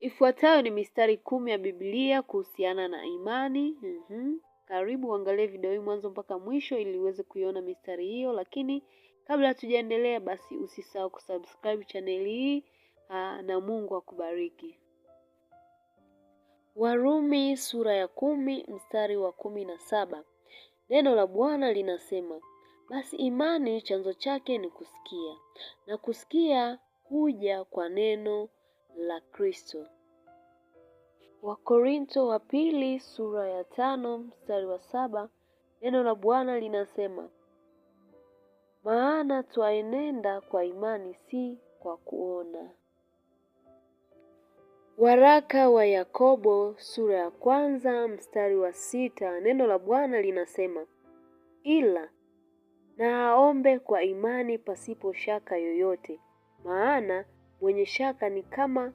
Ifuatayo ni mistari kumi ya Biblia kuhusiana na imani. mm -hmm. Karibu uangalie video hii mwanzo mpaka mwisho ili uweze kuiona mistari hiyo, lakini kabla hatujaendelea, basi usisahau kusubscribe chaneli hii ah, na Mungu akubariki. Wa Warumi sura ya kumi mstari wa kumi na saba neno la Bwana linasema basi imani chanzo chake ni kusikia, na kusikia huja kwa neno la Kristo. Wakorintho wa pili sura ya tano mstari wa saba neno la Bwana linasema, maana twaenenda kwa imani, si kwa kuona. Waraka wa Yakobo sura ya kwanza mstari wa sita neno la Bwana linasema, ila na aombe kwa imani pasipo shaka yoyote, maana mwenye shaka ni kama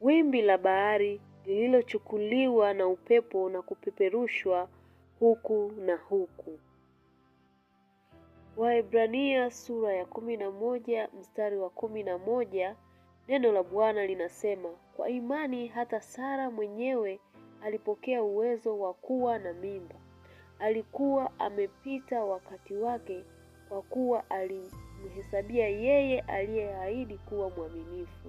wimbi la bahari lililochukuliwa na upepo na kupeperushwa huku na huku. Waebrania sura ya kumi na moja mstari wa kumi na moja neno la Bwana linasema, kwa imani hata Sara mwenyewe alipokea uwezo wa kuwa na mimba, alikuwa amepita wakati wake, kwa kuwa alimhesabia yeye aliyeahidi kuwa mwaminifu.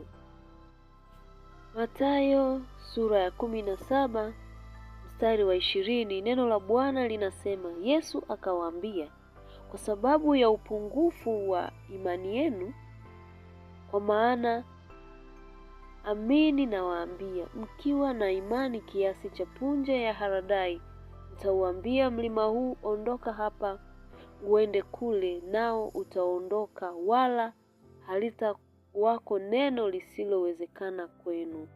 Mathayo sura ya kumi na saba mstari wa ishirini neno la Bwana linasema, Yesu akawaambia, kwa sababu ya upungufu wa imani yenu, kwa maana amini nawaambia, mkiwa na imani kiasi cha punje ya haradai, mtauambia mlima huu, ondoka hapa uende kule, nao utaondoka, wala halita wako neno lisilowezekana kwenu.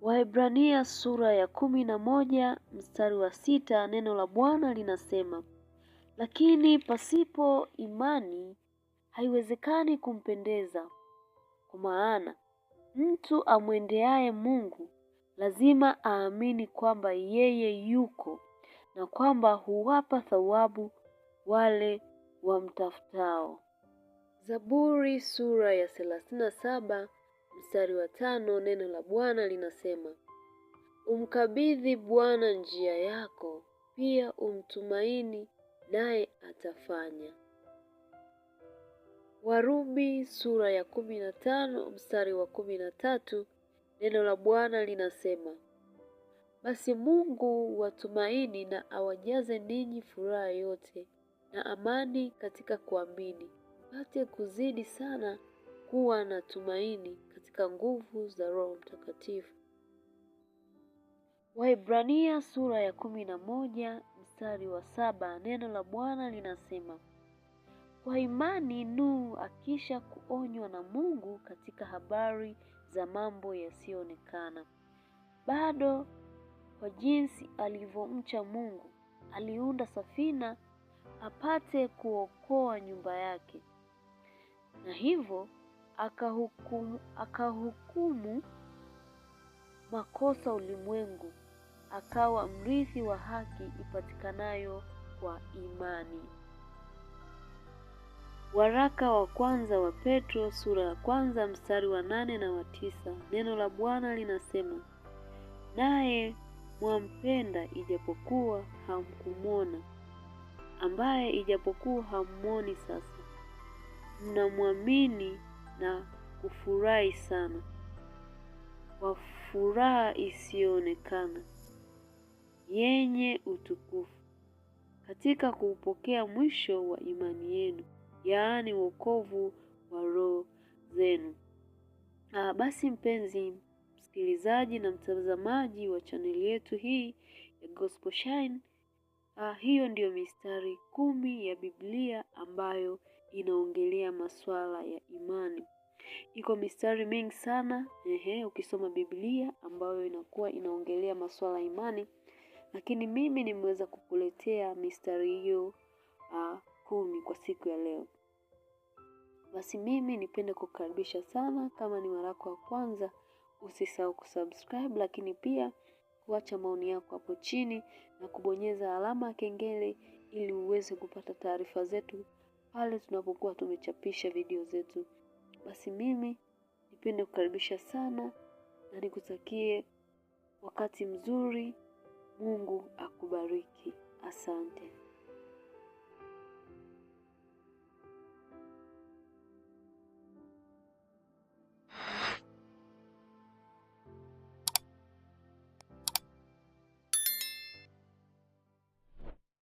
Waebrania sura ya kumi na moja mstari wa sita neno la Bwana linasema, lakini pasipo imani haiwezekani kumpendeza, kwa maana mtu amwendeaye Mungu lazima aamini kwamba yeye yuko na kwamba huwapa thawabu wale wamtafutao. Zaburi sura ya 37 mstari wa tano neno la Bwana linasema umkabidhi Bwana njia yako, pia umtumaini naye atafanya. Warumi sura ya kumi na tano mstari wa kumi na tatu neno la Bwana linasema basi Mungu watumaini na awajaze ninyi furaha yote na amani katika kuamini upate kuzidi sana kuwa na tumaini katika nguvu za Roho Mtakatifu. Waibrania sura ya kumi na moja mstari wa saba neno la Bwana linasema kwa imani Nuhu akisha kuonywa na Mungu katika habari za mambo yasiyoonekana, bado kwa jinsi alivyomcha Mungu aliunda safina apate kuokoa nyumba yake na hivyo akahukumu, akahukumu makosa ulimwengu, akawa mrithi wa haki ipatikanayo kwa imani. Waraka wa kwanza wa Petro sura ya kwanza mstari wa nane na wa tisa. Neno la Bwana linasema, naye mwampenda ijapokuwa hamkumwona, ambaye ijapokuwa hammwoni sasa mnamwamini na kufurahi sana kwa furaha isiyoonekana yenye utukufu katika kuupokea mwisho wa imani yenu, yaani wokovu wa roho zenu. Aa, ah, basi mpenzi msikilizaji na mtazamaji wa chaneli yetu hii ya Gospel Shine, aa, ah, hiyo ndiyo mistari kumi ya Biblia ambayo inaongelea masuala ya imani. Iko mistari mingi sana ehe, ukisoma Biblia ambayo inakuwa inaongelea masuala ya imani, lakini mimi nimeweza kukuletea mistari hiyo uh, kumi kwa siku ya leo. Basi mimi nipende kukaribisha sana. Kama ni mara yako ya kwanza, usisahau kusubscribe, lakini pia kuacha maoni yako hapo chini na kubonyeza alama ya kengele ili uweze kupata taarifa zetu pale tunapokuwa tumechapisha video zetu. Basi mimi nipende kukaribisha sana na nikutakie wakati mzuri. Mungu akubariki. Asante.